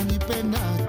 unanipenda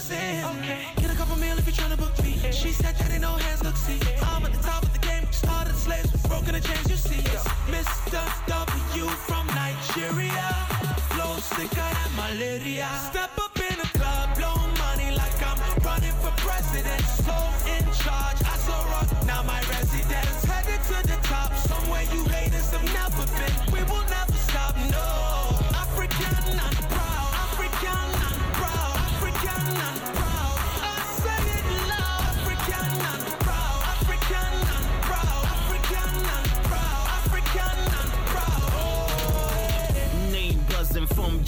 sin. Okay. Get a couple meal if you're trying to book me. She said that ain't no hands, look, see. I'm at the top of the game, started the slaves, broken the chains, you see. Mr. W from Nigeria. Blow sicker than malaria. Step up in the club, blow money like I'm running for president. So in charge, I saw rock, now my residence. Headed to the top, somewhere you haters have never been. We will never stop, no.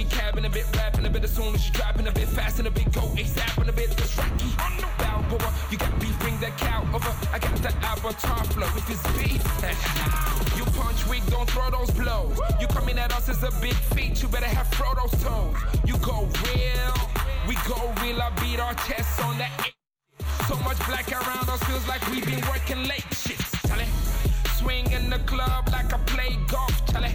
we cabin a bit, rapping a bit as soon as you dropping a bit fast and a bit go ASAP and a bit tricky. Bow Balboa, you got beef, bring that cow over. I got that avatar flow with this beef, you punch weak, don't throw those blows. You coming at us as a big feat, you better have Frodo's toes. You go real, we go real. I beat our chests on that. So much black around us feels like we've been working late. Shit, Swing in the club like I play golf, Charlie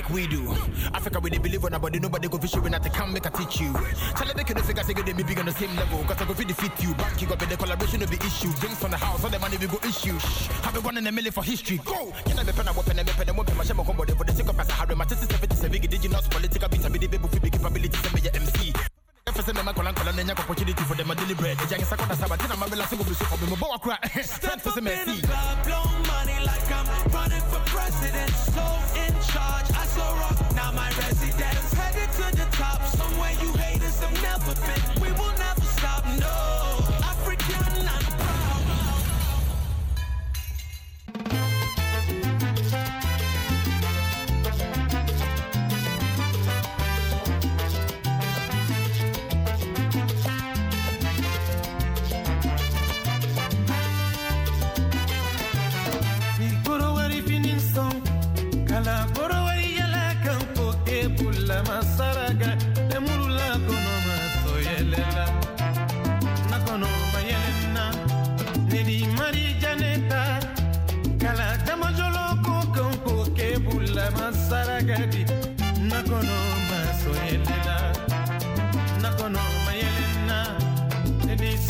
like we do. Africa, we they believe on nobody, nobody go fish you when I can make a teach you. Tell them they can say, I say, they be big on the same level. Cause I go defeat you. Back you got the collaboration of be issue. Drinks from the house, all the money we go issue. Shh, have a one in a million for history. Go! Can I be pen a weapon and weapon and weapon? My shame on combo, for the sake of us, I have my sister 77 big indigenous political beats. I be the baby with big capabilities I be your MC. If I am colon colon and opportunity for them a deliberate. The young Sakota single for me, but I cry. Stand for the club, blow money like I'm running for president. So in charge, I so rock, now my residence. Headed to the top, somewhere you haters have never been. We will never stop, no.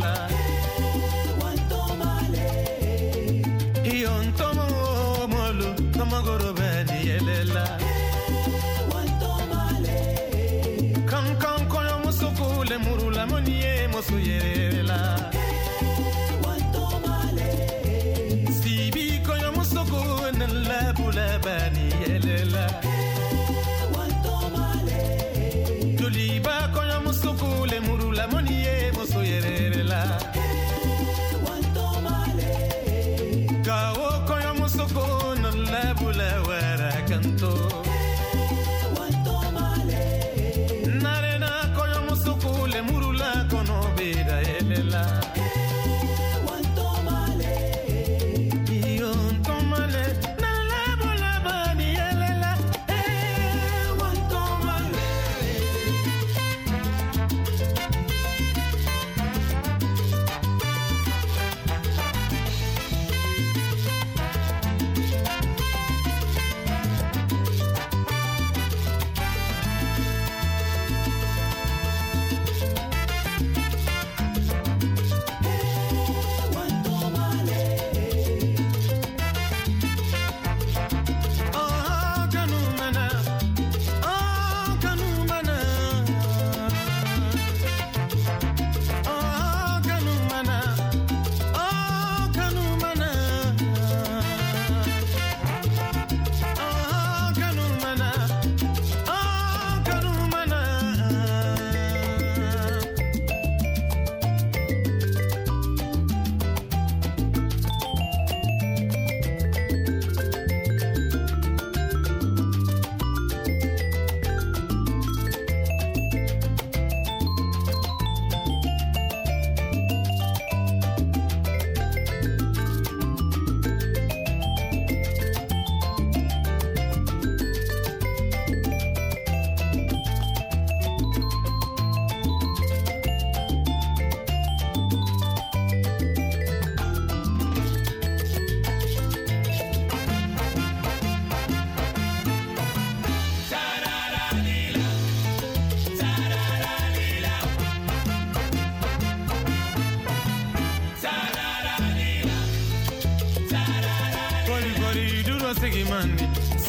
love.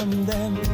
from them.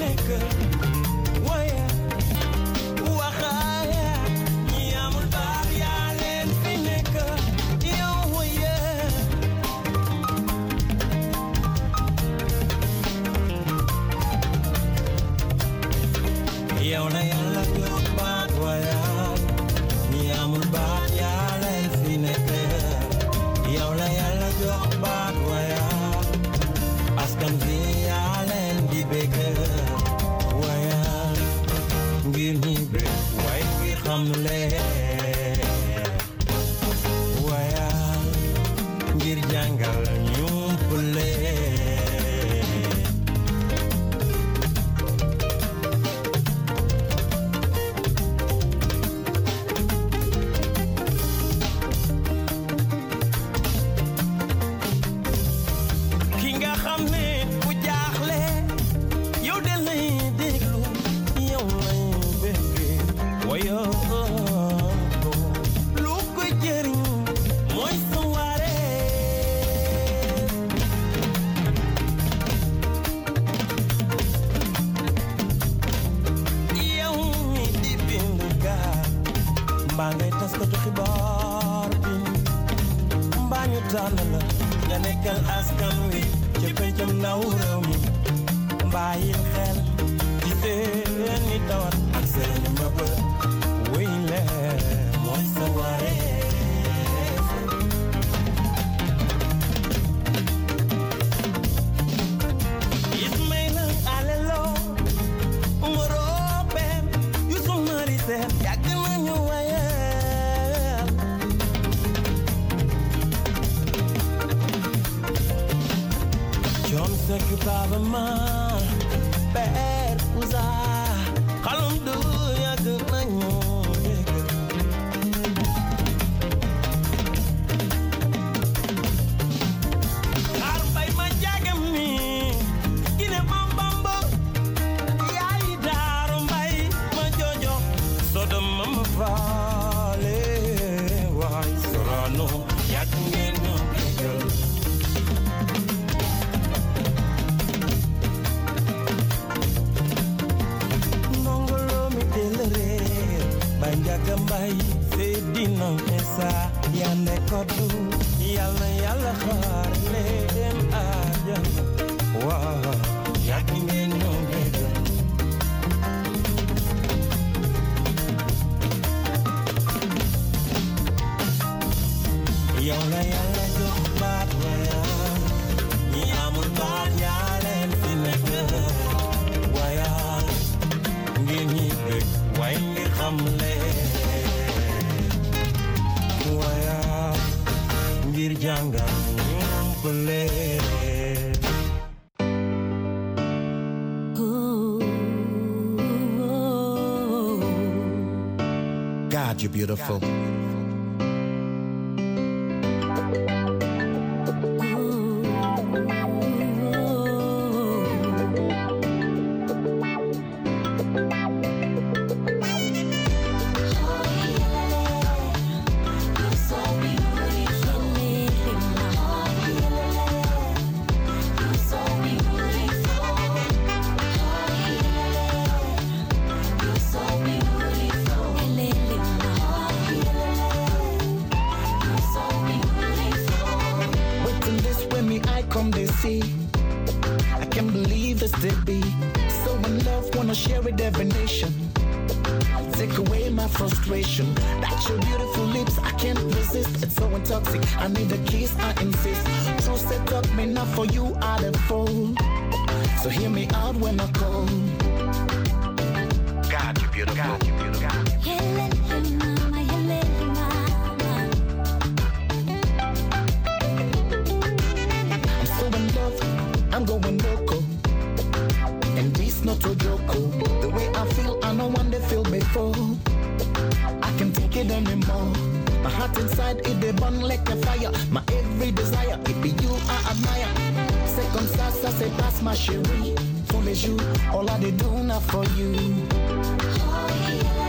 maker. חמש you are man, bad was nekk du yàlla yàlla xaar beautiful. I can't believe this to be. So in love, wanna share a definition. Take away my frustration. That your beautiful lips, I can't resist. It's so intoxicating. I need a kiss, I insist. True set up me not for you, I will fool. So hear me out when I call. God, you beautiful. God, you beautiful. inside, it they burn like a fire. My every desire, it be you I admire. C'est comme ça, ça se passe, ma chérie. Tous les jours, all I do now for you. Oh, yeah.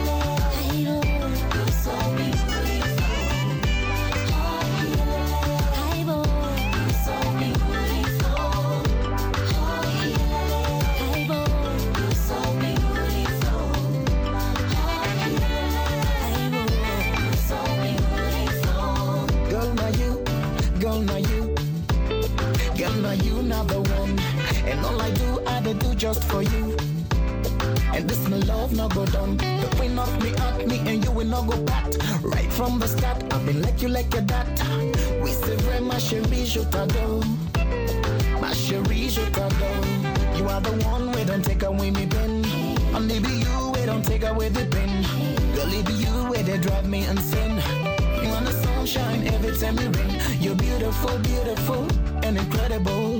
All I do, I dey do just for you. And this my love no go done. The queen of me at me and you will not go back. Right from the start, I've been like you like your dad. We say very my chérie, je t'adore. My chérie, je t'adore. You are the one we don't take away me pen. Only be you we don't take away the pen. Girl, it be you where they drive me insane. You want the sunshine every time you rain. You're beautiful, beautiful, and incredible.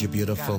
you're beautiful.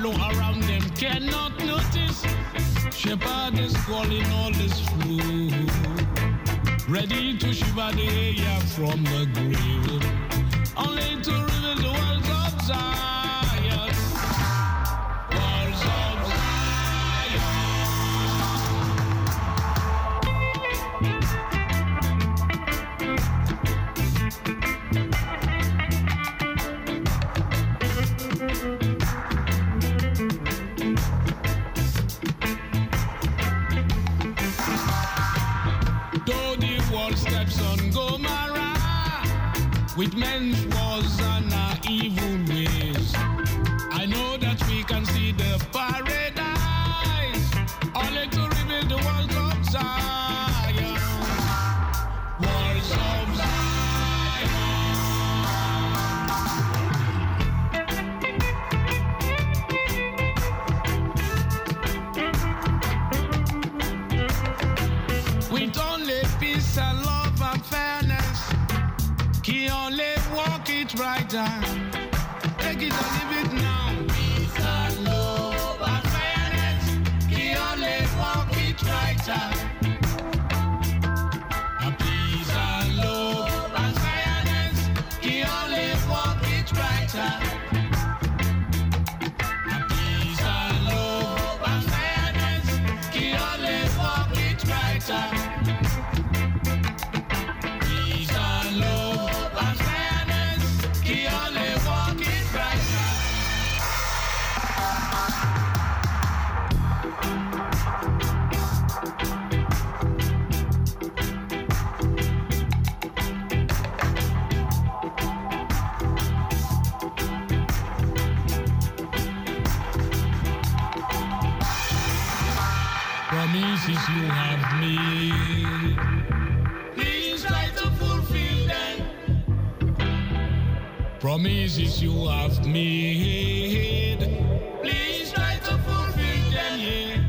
flow around them cannot notice. Shepherd is calling all his flow. Ready to shiver the air from the grave. Only to reveal the world's outside. with men's was. Please try to fulfill them. Promises you have made. Please try to fulfill them.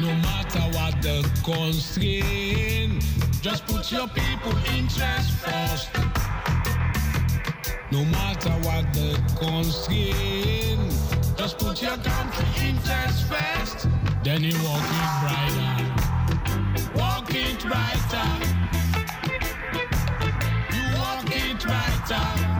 No matter what the constraint, just put your people interest first. No matter what the constraint, just put your country interest first. Then you walk it brighter. Walk it brighter. You walk it brighter.